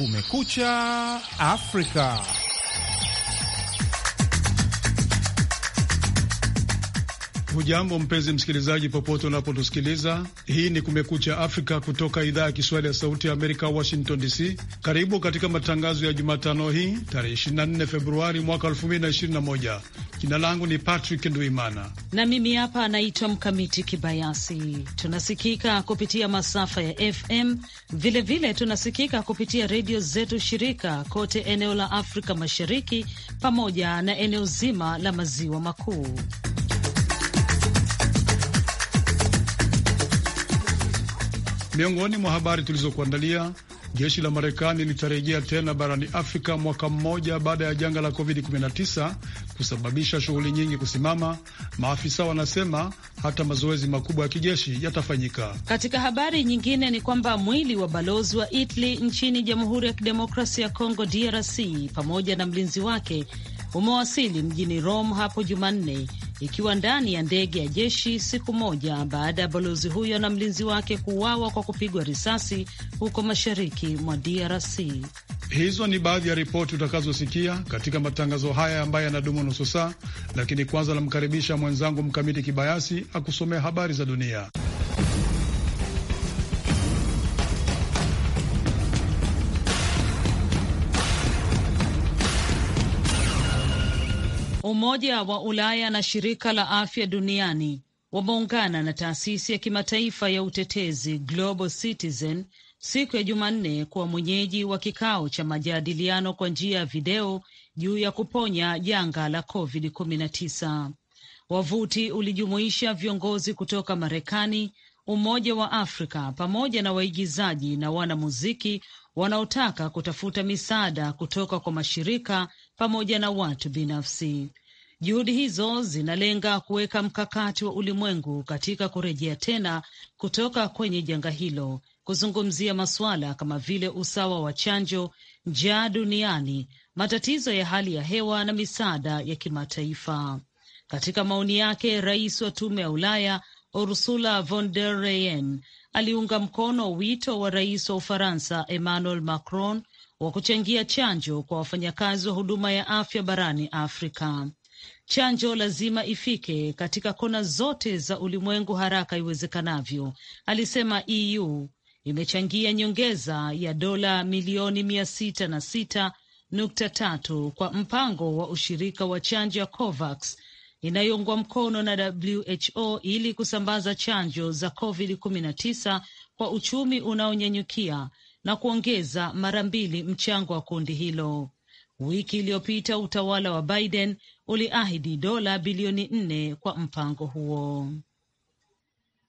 Kumekucha Africa Hujambo mpenzi msikilizaji, popote unapotusikiliza. Hii ni Kumekucha Afrika kutoka idhaa ya Kiswahili ya Sauti ya Amerika, Washington DC. Karibu katika matangazo ya Jumatano hii tarehe 24 Februari mwaka 2021. Jina langu ni Patrick Nduimana na mimi hapa anaitwa Mkamiti Kibayasi. Tunasikika kupitia masafa ya FM, vilevile vile tunasikika kupitia redio zetu shirika kote eneo la Afrika Mashariki pamoja na eneo zima la Maziwa Makuu. Miongoni mwa habari tulizokuandalia, jeshi la Marekani litarejea tena barani Afrika mwaka mmoja baada ya janga la COVID-19 kusababisha shughuli nyingi kusimama. Maafisa wanasema hata mazoezi makubwa ya kijeshi yatafanyika. Katika habari nyingine ni kwamba mwili wa balozi wa Italy nchini Jamhuri ya Kidemokrasia ya Kongo DRC pamoja na mlinzi wake umewasili mjini Rome hapo Jumanne ikiwa ndani ya ndege ya jeshi, siku moja baada ya balozi huyo na mlinzi wake kuuawa kwa kupigwa risasi huko mashariki mwa DRC. Hizo ni baadhi ya ripoti utakazosikia katika matangazo haya ambayo yanadumu nusu saa, lakini kwanza namkaribisha mwenzangu Mkamiti Kibayasi akusomea habari za dunia. Umoja wa Ulaya na Shirika la Afya Duniani wameungana na taasisi ya kimataifa ya utetezi Global Citizen siku ya Jumanne kuwa mwenyeji wa kikao cha majadiliano kwa njia ya video juu ya kuponya janga la COVID-19. Wavuti ulijumuisha viongozi kutoka Marekani, Umoja wa Afrika pamoja na waigizaji na wanamuziki wanaotaka kutafuta misaada kutoka kwa mashirika pamoja na watu binafsi. Juhudi hizo zinalenga kuweka mkakati wa ulimwengu katika kurejea tena kutoka kwenye janga hilo, kuzungumzia masuala kama vile usawa wa chanjo, njaa duniani, matatizo ya hali ya hewa na misaada ya kimataifa. Katika maoni yake, rais wa tume ya Ulaya Ursula von der Leyen aliunga mkono wito wa rais wa Ufaransa Emmanuel Macron wa kuchangia chanjo kwa wafanyakazi wa huduma ya afya barani Afrika. Chanjo lazima ifike katika kona zote za ulimwengu haraka iwezekanavyo, alisema. EU imechangia nyongeza ya dola milioni mia sita na sita nukta tatu kwa mpango wa ushirika wa chanjo ya COVAX inayoungwa mkono na WHO ili kusambaza chanjo za COVID-19 kwa uchumi unaonyenyukia na kuongeza mara mbili mchango wa kundi hilo. Wiki iliyopita utawala wa Biden uliahidi dola bilioni nne kwa mpango huo.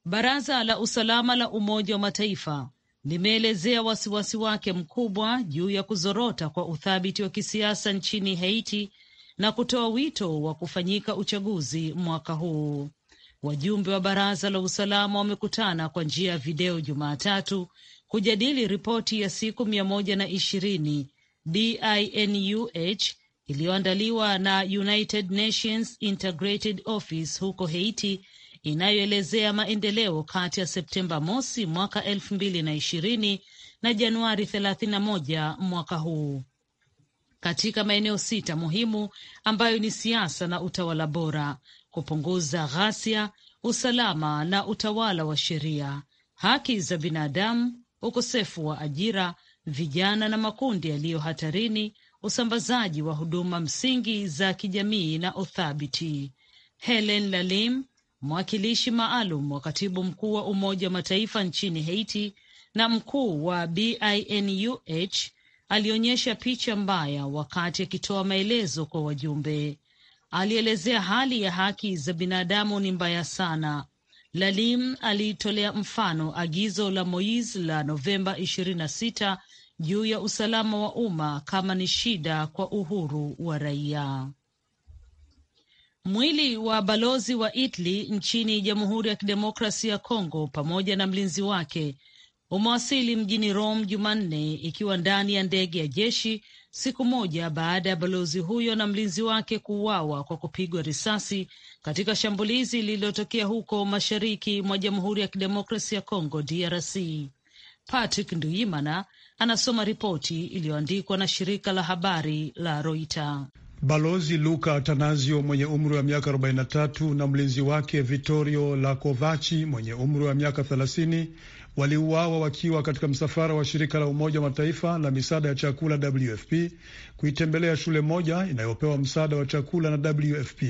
Baraza la usalama la Umoja wa Mataifa limeelezea wasiwasi wake mkubwa juu ya kuzorota kwa uthabiti wa kisiasa nchini Haiti na kutoa wito wa kufanyika uchaguzi mwaka huu. Wajumbe wa baraza la usalama wamekutana kwa njia ya video Jumatatu kujadili ripoti ya siku mia moja na ishirini DINUH iliyoandaliwa na United Nations Integrated Office huko Haiti inayoelezea maendeleo kati ya Septemba mosi mwaka elfu mbili na ishirini na Januari 31 mwaka huu katika maeneo sita muhimu ambayo ni siasa na utawala bora, kupunguza ghasia, usalama na utawala wa sheria, haki za binadamu, ukosefu wa ajira vijana na makundi yaliyo hatarini, usambazaji wa huduma msingi za kijamii na uthabiti. Helen Lalim, mwakilishi maalum wa katibu mkuu wa Umoja wa Mataifa nchini Haiti na mkuu wa BINUH, alionyesha picha mbaya wakati akitoa maelezo kwa wajumbe. Alielezea hali ya haki za binadamu ni mbaya sana Lalim aliitolea mfano agizo la mois la Novemba 26 juu ya usalama wa umma kama ni shida kwa uhuru wa raia. Mwili wa balozi wa Italy nchini Jamhuri ya Kidemokrasia ya Kongo pamoja na mlinzi wake umewasili mjini Rome Jumanne ikiwa ndani ya ndege ya jeshi, siku moja baada ya balozi huyo na mlinzi wake kuuawa kwa kupigwa risasi katika shambulizi lililotokea huko mashariki mwa Jamhuri ya Kidemokrasi ya congo DRC. Patrick Nduyimana anasoma ripoti iliyoandikwa na shirika la habari la Roita. Balozi Luka Atanasio mwenye umri wa miaka 43 na mlinzi wake Vittorio Lakovachi mwenye umri wa miaka waliuawa wakiwa katika msafara wa shirika la Umoja wa Mataifa la misaada ya chakula WFP kuitembelea shule moja inayopewa msaada wa chakula na WFP.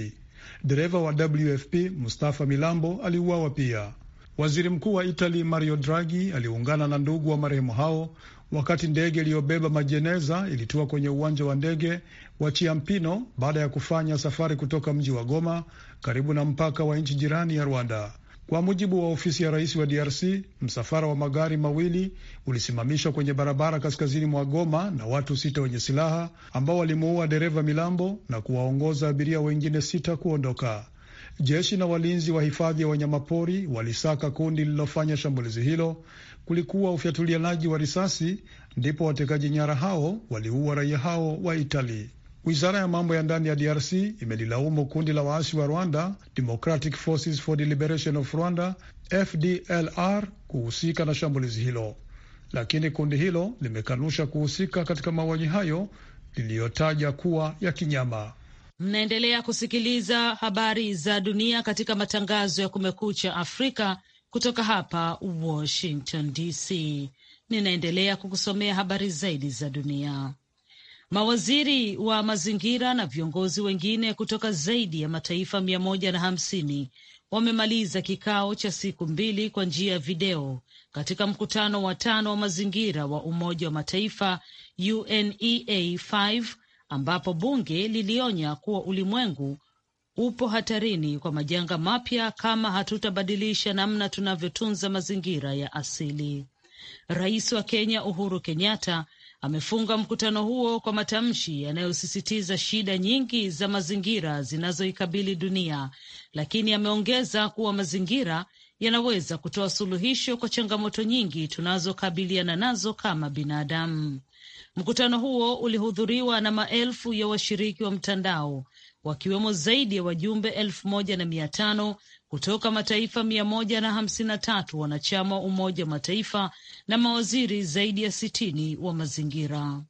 Dereva wa WFP Mustafa Milambo aliuawa pia. Waziri Mkuu wa Itali Mario Draghi aliungana na ndugu wa marehemu hao wakati ndege iliyobeba majeneza ilitua kwenye uwanja wa ndege wa Chiampino baada ya kufanya safari kutoka mji wa Goma karibu na mpaka wa nchi jirani ya Rwanda. Kwa mujibu wa ofisi ya rais wa DRC, msafara wa magari mawili ulisimamishwa kwenye barabara kaskazini mwa Goma na watu sita wenye silaha ambao walimuua dereva Milambo na kuwaongoza abiria wengine sita kuondoka. Jeshi na walinzi wa hifadhi ya wanyamapori walisaka kundi lililofanya shambulizi hilo. Kulikuwa ufyatulianaji wa risasi, ndipo watekaji nyara hao waliua raia hao wa Itali. Wizara ya mambo ya ndani ya DRC imelilaumu kundi la waasi wa Rwanda, Democratic Forces for the Liberation of Rwanda, FDLR, kuhusika na shambulizi hilo, lakini kundi hilo limekanusha kuhusika katika mauaji hayo liliyotaja kuwa ya kinyama. Mnaendelea kusikiliza habari za dunia katika matangazo ya Kumekucha Afrika kutoka hapa Washington DC. Ninaendelea kukusomea habari zaidi za dunia. Mawaziri wa mazingira na viongozi wengine kutoka zaidi ya mataifa mia moja na hamsini wamemaliza kikao cha siku mbili kwa njia ya video katika mkutano wa tano wa mazingira wa Umoja wa Mataifa UNEA 5 ambapo bunge lilionya kuwa ulimwengu upo hatarini kwa majanga mapya kama hatutabadilisha namna tunavyotunza mazingira ya asili. Rais wa Kenya Uhuru Kenyatta amefunga mkutano huo kwa matamshi yanayosisitiza shida nyingi za mazingira zinazoikabili dunia, lakini ameongeza kuwa mazingira yanaweza kutoa suluhisho kwa changamoto nyingi tunazokabiliana nazo kama binadamu. Mkutano huo ulihudhuriwa na maelfu ya washiriki wa mtandao wakiwemo zaidi ya wajumbe elfu moja na mia tano kutoka mataifa mia moja na hamsini na tatu wanachama wa Umoja wa Mataifa na mawaziri zaidi ya sitini wa mazingira.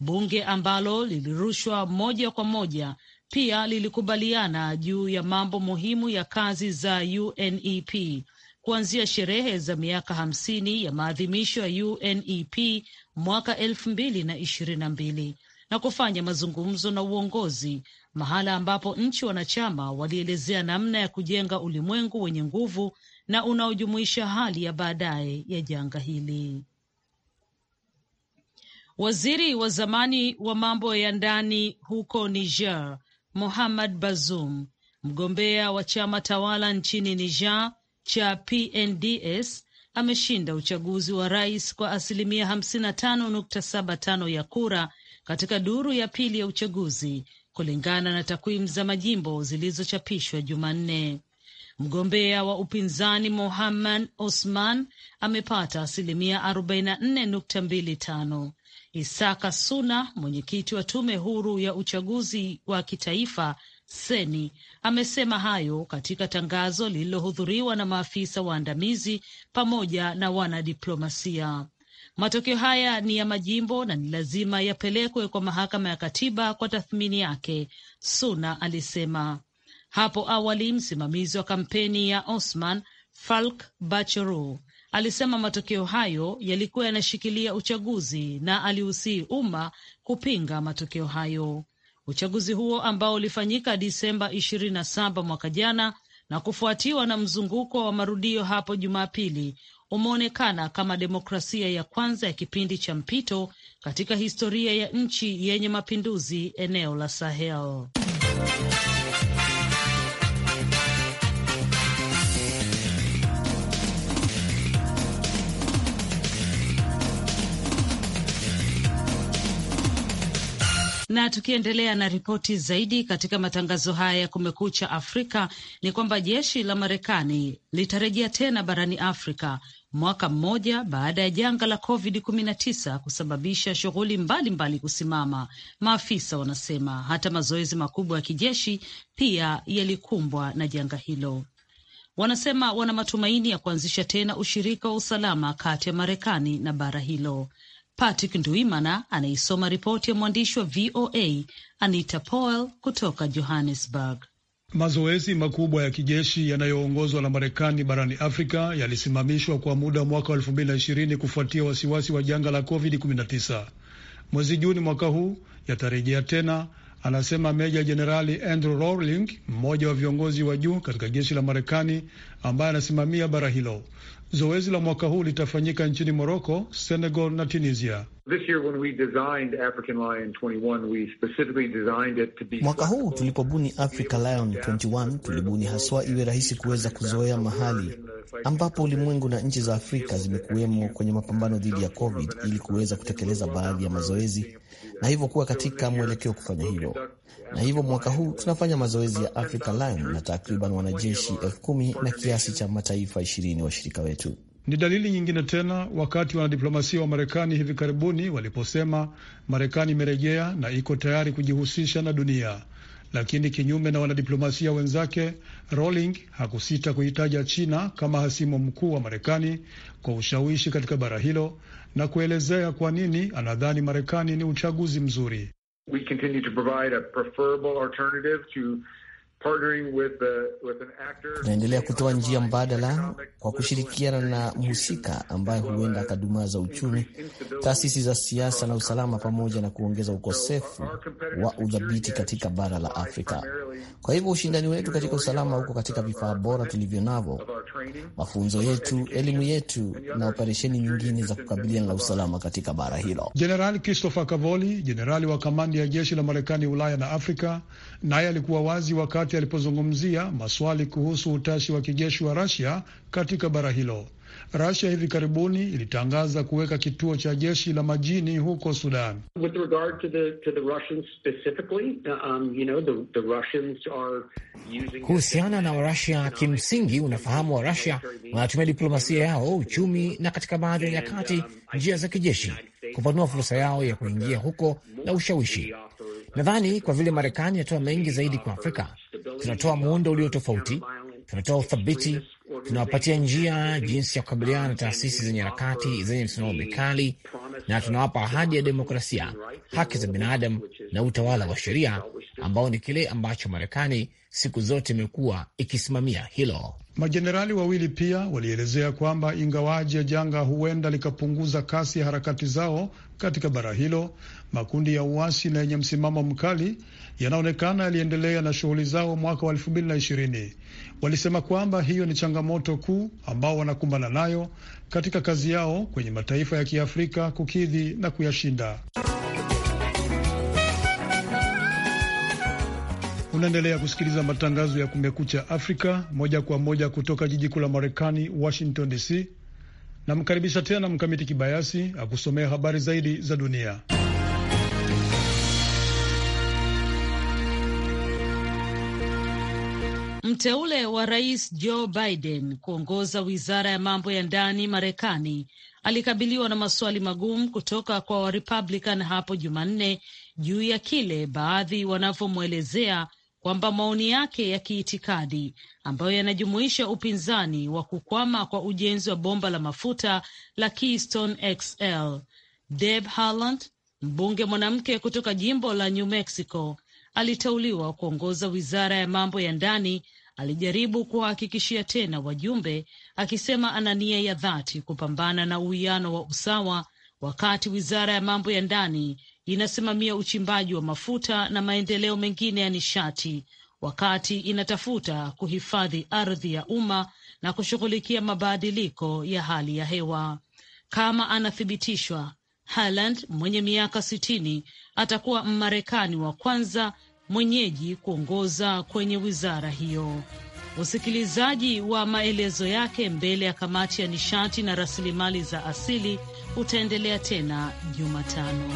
Bunge ambalo lilirushwa moja kwa moja pia lilikubaliana juu ya mambo muhimu ya kazi za UNEP kuanzia sherehe za miaka hamsini ya maadhimisho ya UNEP mwaka elfu mbili na ishirini na mbili na kufanya mazungumzo na uongozi mahala ambapo nchi wanachama walielezea namna ya kujenga ulimwengu wenye nguvu na unaojumuisha hali ya baadaye ya janga hili. Waziri wa zamani wa mambo ya ndani huko Niger, Mohamed Bazoum, mgombea wa chama tawala nchini Niger cha PNDS, ameshinda uchaguzi wa rais kwa asilimia 55.75 ya kura katika duru ya pili ya uchaguzi kulingana na takwimu za majimbo zilizochapishwa Jumanne. Mgombea wa upinzani Mohamed Osman amepata asilimia 44.25. Isaka Suna, mwenyekiti wa tume huru ya uchaguzi wa kitaifa Seni, amesema hayo katika tangazo lililohudhuriwa na maafisa waandamizi pamoja na wanadiplomasia. Matokeo haya ni ya majimbo na ni lazima yapelekwe kwa mahakama ya katiba kwa tathmini yake, Suna alisema. Hapo awali msimamizi wa kampeni ya Osman Falk Bacheru alisema matokeo hayo yalikuwa yanashikilia uchaguzi na aliusii umma kupinga matokeo hayo. Uchaguzi huo ambao ulifanyika Disemba 27 mwaka jana na kufuatiwa na mzunguko wa marudio hapo Jumapili umeonekana kama demokrasia ya kwanza ya kipindi cha mpito katika historia ya nchi yenye mapinduzi eneo la Sahel. Na tukiendelea na ripoti zaidi katika matangazo haya ya Kumekucha Afrika ni kwamba jeshi la Marekani litarejea tena barani Afrika mwaka mmoja baada ya janga la COVID-19 kusababisha shughuli mbalimbali kusimama. Maafisa wanasema hata mazoezi makubwa ya kijeshi pia yalikumbwa na janga hilo. Wanasema wana matumaini ya kuanzisha tena ushirika wa usalama kati ya Marekani na bara hilo. Patrick Nduimana anaisoma ripoti ya mwandishi wa VOA Anita Powell kutoka Johannesburg. Mazoezi makubwa ya kijeshi yanayoongozwa na Marekani barani Afrika yalisimamishwa kwa muda mwaka wa 2020 kufuatia wasiwasi wa janga la COVID-19. Mwezi Juni mwaka huu yatarejea tena, anasema Meja Jenerali Andrew Rowling, mmoja wa viongozi wa juu katika jeshi la Marekani ambaye anasimamia bara hilo. Zoezi la mwaka huu litafanyika nchini Moroko, Senegal na Tunisia. Mwaka huu tulipobuni Africa Lion 21 tulibuni haswa iwe rahisi kuweza kuzoea mahali ambapo ulimwengu na nchi za Afrika zimekuwemo kwenye mapambano dhidi ya COVID ili kuweza kutekeleza baadhi ya mazoezi na hivyo kuwa katika mwelekeo kufanya hivyo. Na hivyo mwaka huu tunafanya mazoezi ya Africa Line na takriban wanajeshi elfu kumi na kiasi cha mataifa ishirini washirika wetu. Ni dalili nyingine tena wakati wanadiplomasia wa Marekani hivi karibuni waliposema Marekani imerejea na iko tayari kujihusisha na dunia lakini kinyume na wanadiplomasia wenzake, Rowling hakusita kuhitaja China kama hasimu mkuu wa Marekani kwa ushawishi katika bara hilo na kuelezea kwa nini anadhani Marekani ni uchaguzi mzuri. We continue to provide a preferable alternative to Tunaendelea kutoa njia mbadala kwa kushirikiana na mhusika ambaye huenda akadumaza uchumi, taasisi za siasa na usalama, pamoja na kuongeza uh, ukosefu wa udhabiti katika bara la Afrika. Kwa hivyo ushindani wetu katika usalama uko katika vifaa bora tulivyo navyo, mafunzo yetu, elimu yetu na operesheni nyingine za kukabiliana na usalama katika bara hilo. Jenerali Christopher Cavoli, jenerali wa kamandi ya jeshi la Marekani Ulaya na Afrika naye alikuwa wazi wakati alipozungumzia maswali kuhusu utashi wa kijeshi wa Rasia katika bara hilo. Rasia hivi karibuni ilitangaza kuweka kituo cha jeshi la majini huko Sudan. Um, Kuhusiana na Warasia, kimsingi unafahamu, rasia wanatumia diplomasia yao, uchumi, um, na katika baadhi ya nyakati um, njia za kijeshi kupanua fursa yao ya kuingia huko na ushawishi Nadhani kwa vile Marekani inatoa mengi zaidi kwa Afrika, tunatoa muundo ulio tofauti, tunatoa uthabiti, tunawapatia njia jinsi ya kukabiliana na taasisi zenye harakati zenye msimamo mikali, na tunawapa ahadi ya demokrasia, haki za binadamu na utawala wa sheria ambao ni kile ambacho Marekani siku zote imekuwa ikisimamia hilo. Majenerali wawili pia walielezea kwamba ingawaji ya janga huenda likapunguza kasi ya harakati zao katika bara hilo, makundi ya uasi na yenye msimamo mkali yanaonekana yaliendelea na shughuli zao mwaka wa elfu mbili na ishirini. Walisema kwamba hiyo ni changamoto kuu ambao wanakumbana nayo katika kazi yao kwenye mataifa ya Kiafrika kukidhi na kuyashinda Unaendelea kusikiliza matangazo ya Kumekucha Afrika moja kwa moja kutoka jiji kuu la Marekani, Washington DC. Namkaribisha tena Mkamiti Kibayasi akusomea habari zaidi za dunia. Mteule wa rais Joe Biden kuongoza wizara ya mambo ya ndani Marekani alikabiliwa na maswali magumu kutoka kwa Warepublican hapo Jumanne juu ya kile baadhi wanavyomwelezea kwamba maoni yake ya kiitikadi ambayo yanajumuisha upinzani wa kukwama kwa ujenzi wa bomba la mafuta la Keystone XL. Deb Haaland, mbunge mwanamke kutoka jimbo la New Mexico, aliteuliwa kuongoza wizara ya mambo ya ndani. Alijaribu kuwahakikishia tena wajumbe, akisema ana nia ya dhati kupambana na uwiano wa usawa, wakati wizara ya mambo ya ndani inasimamia uchimbaji wa mafuta na maendeleo mengine ya nishati wakati inatafuta kuhifadhi ardhi ya umma na kushughulikia mabadiliko ya hali ya hewa. Kama anathibitishwa, Haaland mwenye miaka sitini atakuwa Mmarekani wa kwanza mwenyeji kuongoza kwenye wizara hiyo. Usikilizaji wa maelezo yake mbele ya kamati ya nishati na rasilimali za asili utaendelea tena Jumatano.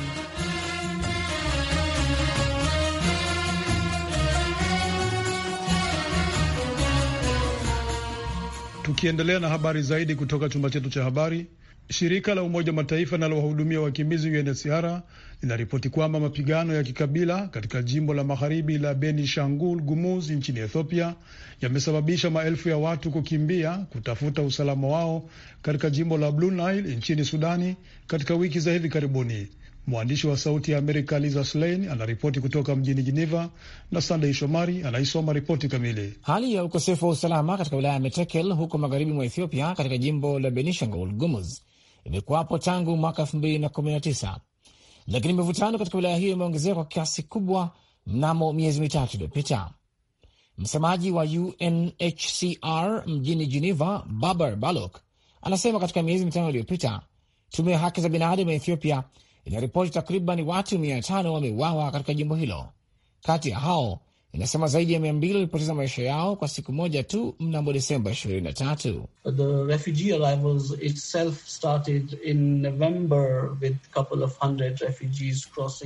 Tukiendelea na habari zaidi kutoka chumba chetu cha habari. Shirika la Umoja wa Mataifa linalowahudumia wakimbizi UNHCR linaripoti kwamba mapigano ya kikabila katika jimbo la magharibi la Beni Shangul Gumuz nchini Ethiopia yamesababisha maelfu ya watu kukimbia kutafuta usalama wao katika jimbo la Blue Nile nchini Sudani katika wiki za hivi karibuni. Mwandishi wa Sauti ya Amerika Liza Slein anaripoti kutoka mjini Geneva na Sandey Shomari anaisoma ripoti kamili. Hali ya ukosefu wa usalama katika wilaya ya Metekel huko magharibi mwa Ethiopia katika jimbo la Benishangul Gumuz imekuwapo tangu mwaka tisa, lakini mivutano katika wilaya hiyo imeongezeka kwa kiasi kubwa mnamo miezi mitatu iliyopita. Msemaji wa UNHCR mjini Geneva, Babar Balok, anasema katika miezi mitano iliyopita tume ya haki za binadamu ya Ethiopia inaripoti takriban watu mia tano wameuawa katika jimbo hilo. Kati ya hao inasema zaidi ya mia mbili walipoteza maisha yao kwa siku moja tu mnamo Desemba 23. The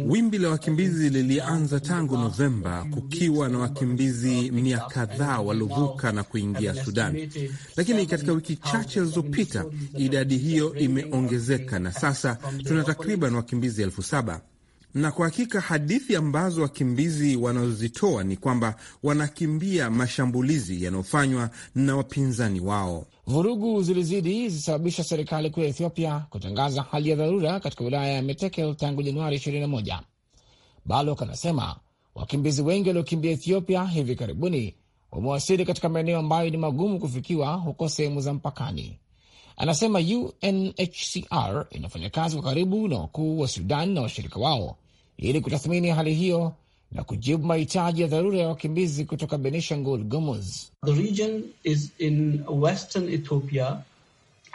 Wimbi la wakimbizi lilianza tangu Novemba kukiwa na wakimbizi mia kadhaa waliovuka na kuingia Sudan, lakini katika wiki chache zilizopita idadi hiyo imeongezeka na sasa tuna takriban wakimbizi elfu saba. Na kwa hakika hadithi ambazo wakimbizi wanazozitoa ni kwamba wanakimbia mashambulizi yanayofanywa na wapinzani wao. Vurugu zilizidi zilisababisha serikali kuu ya Ethiopia kutangaza hali ya dharura katika wilaya ya Metekel tangu Januari 21. Balok anasema wakimbizi wengi waliokimbia Ethiopia hivi karibuni wamewasili katika maeneo ambayo ni magumu kufikiwa huko sehemu za mpakani. Anasema UNHCR inafanya kazi kwa karibu na wakuu wa Sudan na washirika wao ili kutathmini hali hiyo na kujibu mahitaji ya dharura ya wakimbizi kutoka Benishangul Gumuz.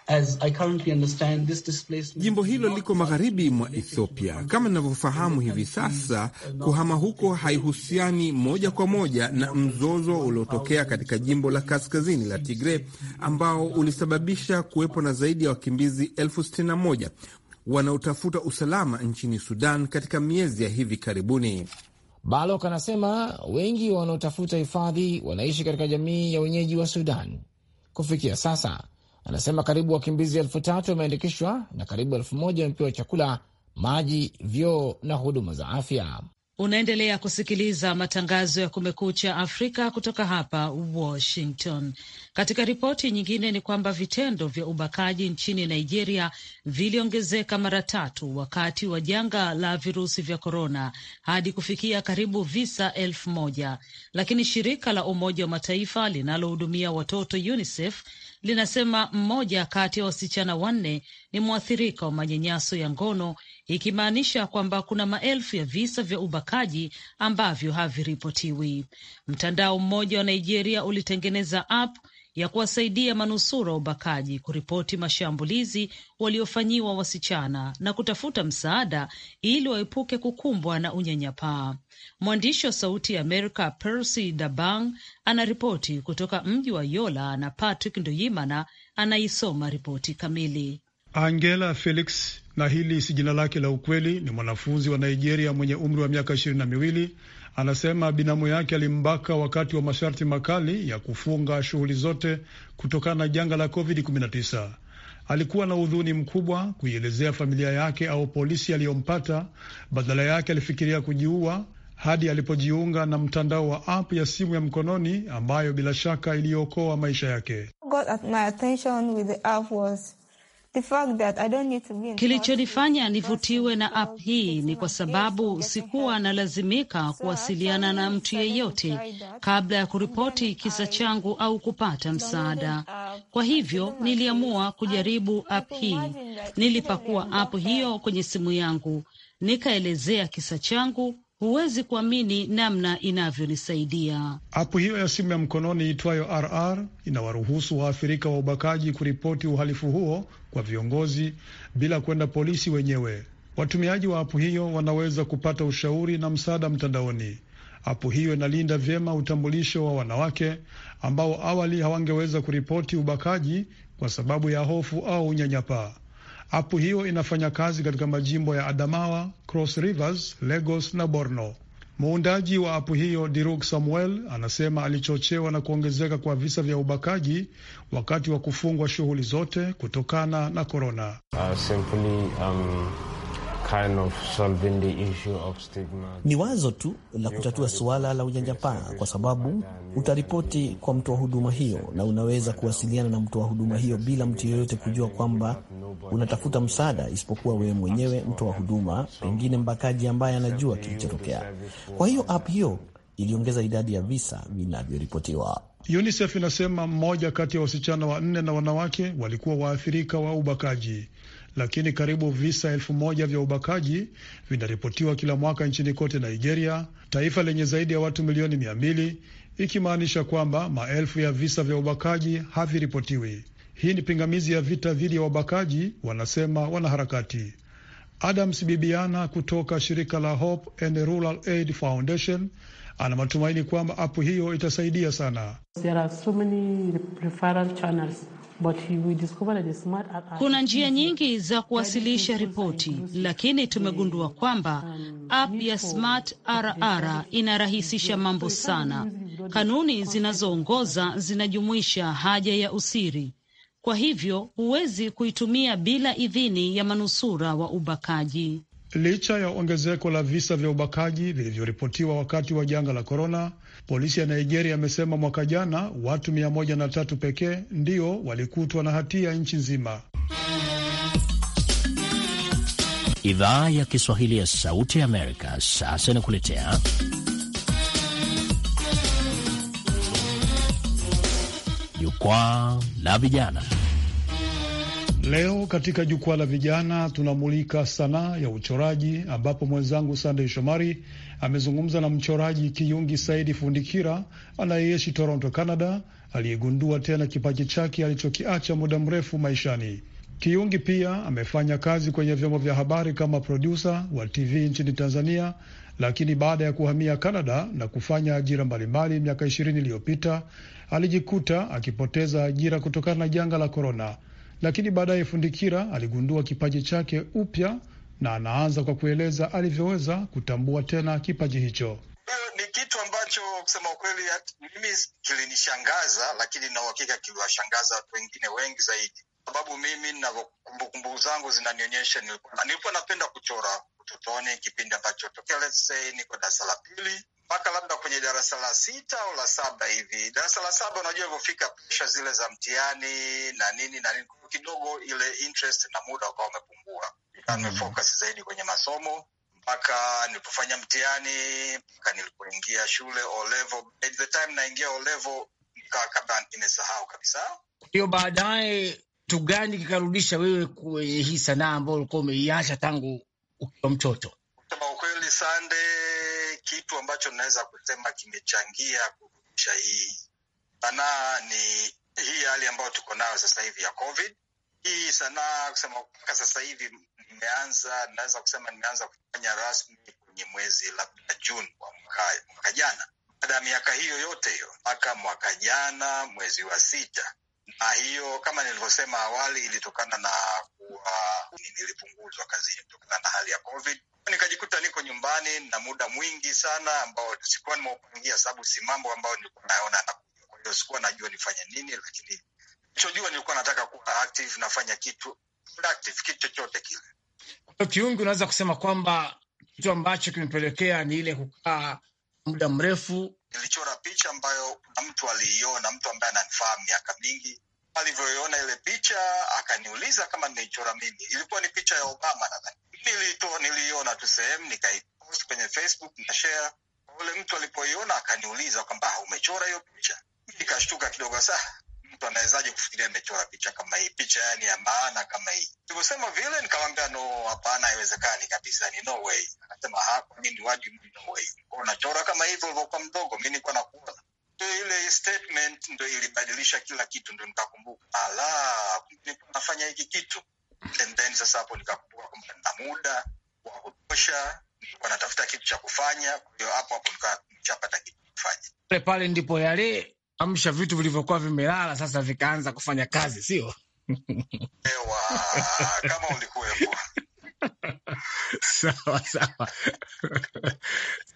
As I currently understand, this displacement... jimbo hilo liko magharibi mwa Ethiopia. Kama ninavyofahamu hivi sasa, kuhama huko haihusiani moja kwa moja na mzozo uliotokea katika jimbo la kaskazini la Tigre ambao ulisababisha kuwepo na zaidi ya wakimbizi elfu sitini na moja wanaotafuta usalama nchini Sudan katika miezi ya hivi karibuni. Balok anasema wengi wanaotafuta hifadhi wanaishi katika jamii ya wenyeji wa Sudan. Kufikia sasa anasema karibu wakimbizi elfu tatu wameandikishwa na karibu elfu moja wamepewa chakula, maji, vyoo na huduma za afya. Unaendelea kusikiliza matangazo ya Kumekucha Afrika kutoka hapa Washington. Katika ripoti nyingine ni kwamba vitendo vya ubakaji nchini Nigeria viliongezeka mara tatu wakati wa janga la virusi vya korona hadi kufikia karibu visa elfu moja, lakini shirika la Umoja wa Mataifa linalohudumia watoto UNICEF linasema mmoja kati ya wasichana wanne ni mwathirika wa manyanyaso ya ngono, ikimaanisha kwamba kuna maelfu ya visa vya ubakaji ambavyo haviripotiwi. Mtandao mmoja wa Nigeria ulitengeneza app ya kuwasaidia manusura wa ubakaji kuripoti mashambulizi waliofanyiwa wasichana na kutafuta msaada ili waepuke kukumbwa na unyanyapaa. Mwandishi wa Sauti ya Amerika Percy Dabang anaripoti kutoka mji wa Yola na Patrick Ndoyimana anaisoma ripoti kamili. Angela Felix, na hili si jina lake la ukweli, ni mwanafunzi wa Nigeria mwenye umri wa miaka ishirini na miwili, anasema binamu yake alimbaka wakati wa masharti makali ya kufunga shughuli zote kutokana na janga la COVID-19. Alikuwa na huzuni mkubwa kuielezea familia yake au polisi aliyompata. Badala yake alifikiria kujiua hadi alipojiunga na mtandao wa app ya simu ya mkononi ambayo bila shaka iliyookoa maisha yake. Kilichonifanya nivutiwe na app hii ni kwa sababu sikuwa nalazimika kuwasiliana na mtu yeyote kabla ya kuripoti kisa changu au kupata msaada. Kwa hivyo niliamua kujaribu app hii. Nilipakua app hiyo kwenye simu yangu, nikaelezea kisa changu huwezi kuamini namna inavyonisaidia. Apu hiyo ya simu ya mkononi itwayo RR inawaruhusu waathirika wa ubakaji kuripoti uhalifu huo kwa viongozi bila kwenda polisi wenyewe. Watumiaji wa apu hiyo wanaweza kupata ushauri na msaada mtandaoni. Apu hiyo inalinda vyema utambulisho wa wanawake ambao awali hawangeweza kuripoti ubakaji kwa sababu ya hofu au unyanyapaa. Apu hiyo inafanya kazi katika majimbo ya Adamawa, Cross Rivers, Lagos na Borno. Muundaji wa apu hiyo Dirug Samuel anasema alichochewa na kuongezeka kwa visa vya ubakaji wakati wa kufungwa shughuli zote kutokana na korona. Uh, um, kind of solving the issue of stigma. Ni wazo tu la kutatua suala la unyanyapaa, kwa sababu utaripoti kwa wa huduma hiyo na unaweza kuwasiliana na wa huduma hiyo bila mtu yeyote kujua kwamba unatafuta msaada, isipokuwa wewe mwenyewe wa huduma, pengine mbakaji ambaye anajua kilichotokea. Kwa hiyo app hiyo iliongeza idadi ya visa vinavyoripotiwa. UNICEF inasema mmoja kati ya wasichana wanne na wanawake walikuwa waathirika wa ubakaji lakini karibu visa elfu moja vya ubakaji vinaripotiwa kila mwaka nchini kote Nigeria, taifa lenye zaidi ya watu milioni mia mbili, ikimaanisha kwamba maelfu ya visa vya ubakaji haviripotiwi. Hii ni pingamizi ya vita dhidi ya wabakaji, wanasema wanaharakati. Adams Bibiana kutoka shirika la Hope and Rural Aid Foundation ana matumaini kwamba apu hiyo itasaidia sana. There are so many kuna njia nyingi za kuwasilisha ripoti, lakini tumegundua kwamba app ya Smart RR inarahisisha mambo sana. Kanuni zinazoongoza zinajumuisha haja ya usiri, kwa hivyo huwezi kuitumia bila idhini ya manusura wa ubakaji. Licha ya ongezeko la visa vya ubakaji vilivyoripotiwa wakati wa janga la korona, polisi ya Nigeria amesema mwaka jana watu mia moja na tatu pekee ndio walikutwa na hatia nchi nzima. Idhaa ya Kiswahili ya Sauti ya Amerika sasa inakuletea jukwaa la vijana. Leo katika jukwaa la vijana tunamulika sanaa ya uchoraji, ambapo mwenzangu Sandey Shomari amezungumza na mchoraji Kiyungi Saidi Fundikira anayeishi Toronto, Canada, aliyegundua tena kipaji chake alichokiacha muda mrefu maishani. Kiyungi pia amefanya kazi kwenye vyombo vya habari kama produsa wa TV nchini Tanzania, lakini baada ya kuhamia Canada na kufanya ajira mbalimbali miaka ishirini iliyopita alijikuta akipoteza ajira kutokana na janga la korona, lakini baadaye Fundikira aligundua kipaji chake upya na anaanza kwa kueleza alivyoweza kutambua tena kipaji hicho. Ni kitu ambacho kusema ukweli mimi kilinishangaza, lakini na uhakika kiliwashangaza watu wengine wengi zaidi, sababu mimi na kumbukumbu zangu zinanionyesha, nilikuwa napenda kuchora utotoni, kipindi ambacho tokea let's say niko darasa la pili mpaka labda kwenye darasa la sita au la saba hivi. Darasa la saba, unajua ilivyofika presha zile za mtihani na nini na nini, kidogo ile interest na muda ukawa umepungua, ikawa mm-hmm. zaidi kwenye masomo mpaka nilipofanya mtihani, mpaka nilipoingia shule o level. the time naingia o level, nikawa kabla nimesahau kabisa. Ndio baadaye kitu gani kikarudisha wewe kwenye hii sanaa ambayo ulikuwa umeiacha tangu ukiwa mtoto? Kusema ukweli, Sande, kitu ambacho naweza kusema kimechangia kurudisha hii sanaa ni hii hali ambayo tuko nayo sasa hivi ya COVID. Hii sanaa kusema mpaka sasa hivi nimeanza, naweza kusema nimeanza kufanya rasmi kwenye mwezi labda Juni wa mwaka jana, baada ya miaka hiyo yote hiyo mpaka mwaka jana mwezi wa sita. Na hiyo kama nilivyosema awali ilitokana na uh, nilipunguzwa kazini kutokana na hali ya COVID. Nikajikuta niko nyumbani na muda mwingi sana ambao sikuwa nimeupangia, sababu si mambo ambayo nilikuwa naona nakuja. Kwa hiyo sikuwa najua nifanye nini, lakini nilichojua nilikuwa nataka kuwa active, nafanya kitu productive, kitu chochote kile. Kwa kiungi, unaweza kusema kwamba kitu ambacho kimepelekea ni ile kukaa muda mrefu. Nilichora picha ambayo kuna mtu aliiona, mtu ambaye ananifahamu miaka mingi alivyoiona ile picha akaniuliza kama nimeichora mimi. Ilikuwa ni picha ya Obama nadhani, nilitoa niliiona tu sehemu nikaipost kwenye Facebook na share. Ule mtu alipoiona akaniuliza kwamba ah, umechora hiyo picha? Nikashtuka kidogo, saa mtu anawezaje kufikiria nimechora picha kama hii, picha yani ya maana kama hii? Nilivyosema vile, nikamwambia no, hapana, haiwezekani kabisa, ni no way. Akasema hapa mi ni waji, no way, unachora kama hivyo ulivyokuwa mdogo, mi nilikuwa nakuona ndo ile statement ndo ilibadilisha kila kitu, ndo nikakumbuka ala, nafanya hiki kitu. And then sasa hapo nikakumbuka kwamba na muda wa kutosha, nilikuwa natafuta kitu cha kufanya. Kwa hiyo hapo hapo nikachapata kitu kufanya pale pale, ndipo yale amsha vitu vilivyokuwa vimelala sasa vikaanza kufanya kazi, sio ewa kama ulikuwepo sawa sawa.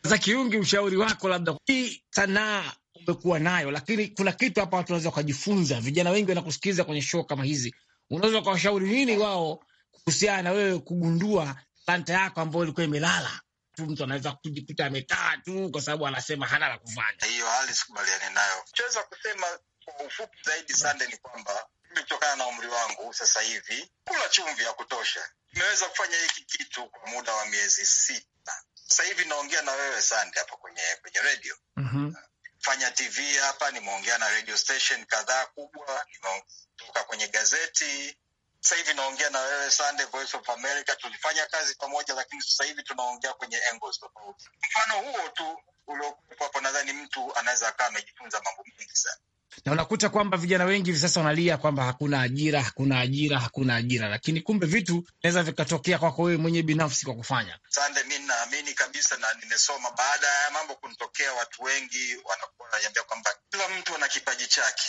Sasa Kiungi, ushauri wako labda hii sanaa kuwa nayo, lakini kuna kitu hapa watu wanaweza wakajifunza. Vijana wengi wanakusikiliza kwenye show kama hizi, unaweza ukawashauri nini wao kuhusiana na wewe kugundua talanta yako ambayo ilikuwa imelala mtu anaweza kujikuta amekaa tu kwa sababu anasema hana la kufanya. Hiyo hali sikubaliani nayo. Chaweza kusema kwa ufupi zaidi sande ni kwamba mimi na umri wangu sasa hivi kula chumvi ya kutosha, nimeweza kufanya hiki kitu kwa muda wa miezi sita. Sasa hivi naongea na wewe sande hapa kwenye kwenye redio mm -hmm fanya TV hapa, nimeongea na radio station kadhaa kubwa, nimetoka kwenye gazeti. Sasa hivi naongea na wewe Sunday Voice of America, tulifanya kazi pamoja, lakini sasa hivi tunaongea kwenye angles tofauti. Mfano huo tu uliokuwepo hapo, nadhani mtu anaweza akaa amejifunza mambo mengi sana na unakuta kwamba vijana wengi hivi sasa wanalia kwamba hakuna ajira, hakuna ajira, hakuna ajira, lakini kumbe vitu vinaweza vikatokea kwako wewe mwenyewe binafsi kwa kufanya. Sande, mi naamini kabisa na nimesoma baada ya mambo kunitokea, watu wengi wanakuwa wananiambia kwamba kila mtu ana kipaji chake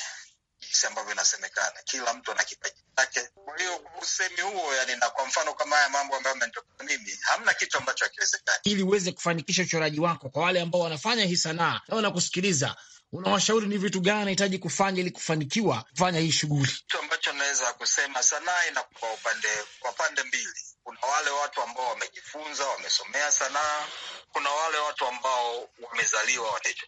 jinsi ambavyo inasemekana kila mtu ana kipaji chake. Kwa hiyo usemi huo, yani, na kwa mfano kama haya mambo ambayo amenitokea mimi, hamna kitu ambacho hakiwezekani. Ili uweze kufanikisha uchoraji wako, kwa wale ambao wanafanya hii sanaa na wanakusikiliza, unawashauri ni vitu gani anahitaji kufanya ili kufanikiwa kufanya hii shughuli? Kitu ambacho naweza kusema, sanaa ina kwa upande kwa pande mbili. Kuna wale watu ambao wamejifunza, wamesomea sanaa, kuna wale watu ambao wamezaliwa wanahicho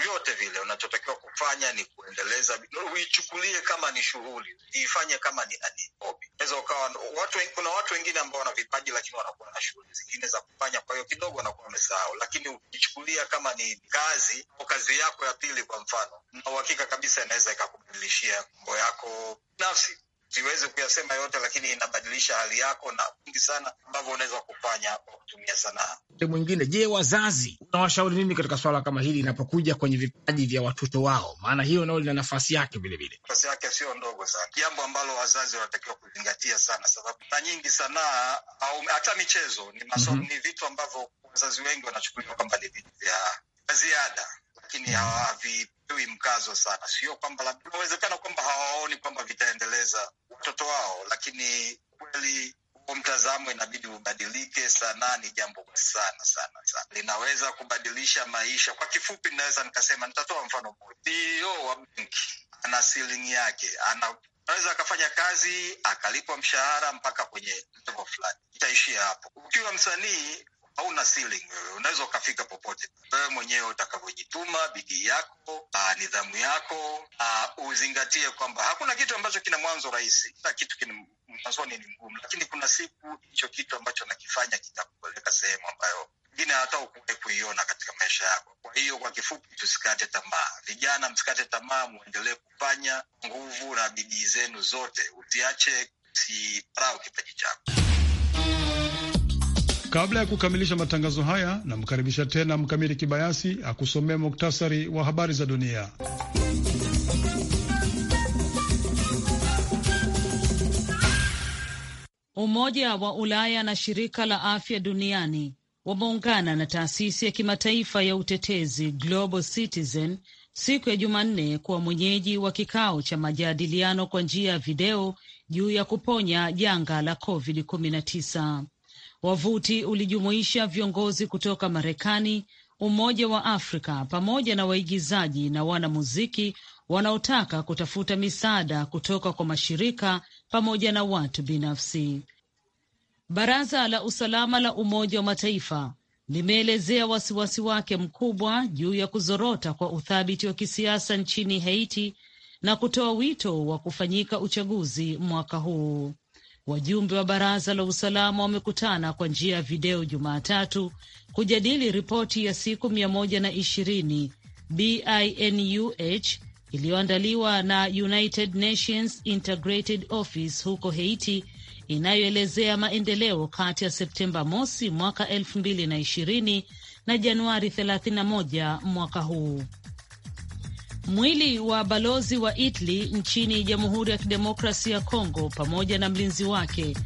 Vyote vile unachotakiwa kufanya ni kuendeleza, uichukulie kama ni shughuli, iifanye kama ni hobby. ukawa watu, kuna watu wengine ambao wana vipaji lakini wanakuwa na shughuli zingine za kufanya, kwa hiyo kidogo wanakuwa wamesahau, lakini ukichukulia kama ni kazi au kazi yako ya pili, kwa mfano, na uhakika kabisa inaweza ikakubadilishia mambo yako binafsi siwezi kuyasema yote, lakini inabadilisha hali yako na vingi sana ambavyo unaweza kufanya kwa kutumia sanaa. Mwingine, je, wazazi unawashauri nini katika swala kama hili inapokuja kwenye vipaji vya watoto wao? Maana hiyo nao lina nafasi yake vilevile, nafasi yake sio ndogo sana, jambo ambalo wazazi wanatakiwa kuzingatia sana, sababu na nyingi sanaa au hata michezo ni masomo, mm -hmm. ni vitu ambavyo wazazi wengi wanachukuliwa kwamba ni vitu vya ziada lakini havipewi mkazo sana. Sio kwamba labda, inawezekana kwamba hawaoni kwamba vitaendeleza watoto wao, lakini kweli huo mtazamo inabidi ubadilike. Sanaa ni jambo sana sana sana, linaweza kubadilisha maisha. Kwa kifupi, inaweza nikasema, nitatoa mfano mmoja. CEO wa benki ana siling yake, ana akafanya kazi akalipwa mshahara mpaka kwenye levo fulani, itaishia hapo. Ukiwa msanii hauna ceiling wewe, unaweza ukafika popote wewe mwenyewe utakavyojituma, bidii yako, ah, nidhamu yako, ah, uzingatie kwamba hakuna kitu ambacho kina mwanzo rahisi. Kila kitu kina mwanzoni ni ngumu, lakini kuna siku hicho kitu ambacho nakifanya kitakupeleka sehemu ambayo pengine hata ukuwahi kuiona katika maisha yako. Kwa hiyo kwa kifupi, tusikate tamaa. Vijana, msikate tamaa, mwendelee kufanya nguvu na bidii zenu zote, usiache, usisahau kipaji chako. Kabla ya kukamilisha matangazo haya, namkaribisha tena Mkamili Kibayasi akusomea muktasari wa habari za dunia. Umoja wa Ulaya na Shirika la Afya Duniani wameungana na taasisi ya kimataifa ya utetezi Global Citizen siku ya Jumanne kuwa mwenyeji wa kikao cha majadiliano kwa njia ya video juu ya kuponya janga la COVID-19. Wavuti ulijumuisha viongozi kutoka Marekani, Umoja wa Afrika pamoja na waigizaji na wanamuziki wanaotaka kutafuta misaada kutoka kwa mashirika pamoja na watu binafsi. Baraza la Usalama la Umoja wa Mataifa limeelezea wasiwasi wake mkubwa juu ya kuzorota kwa uthabiti wa kisiasa nchini Haiti na kutoa wito wa kufanyika uchaguzi mwaka huu. Wajumbe wa baraza la usalama wamekutana kwa njia ya video Jumatatu kujadili ripoti ya siku mia moja na ishirini BINUH iliyoandaliwa na United Nations Integrated Office huko Haiti inayoelezea maendeleo kati ya Septemba mosi mwaka 220 na Januari 31 mwaka huu. Mwili wa balozi wa Italy nchini Jamhuri ya Kidemokrasia ya Kongo pamoja na mlinzi wake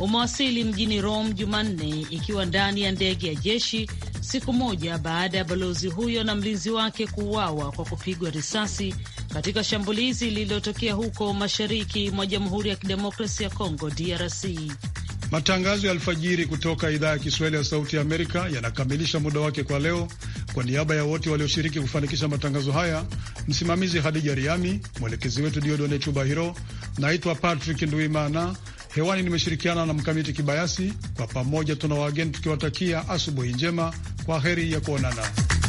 umewasili mjini Rome Jumanne ikiwa ndani ya ndege ya jeshi, siku moja baada ya balozi huyo na mlinzi wake kuuawa kwa kupigwa risasi katika shambulizi lililotokea huko mashariki mwa Jamhuri ya Kidemokrasia ya Kongo, DRC. Matangazo ya alfajiri kutoka idhaa ya Kiswahili ya Sauti ya Amerika yanakamilisha muda wake kwa leo. Kwa niaba ya wote walioshiriki kufanikisha matangazo haya, msimamizi Hadija Riami, mwelekezi wetu Diodone Chubahiro, naitwa Patrick Nduimana. Hewani nimeshirikiana na Mkamiti Kibayasi. Kwa pamoja tuna wageni tukiwatakia asubuhi njema. Kwa heri ya kuonana.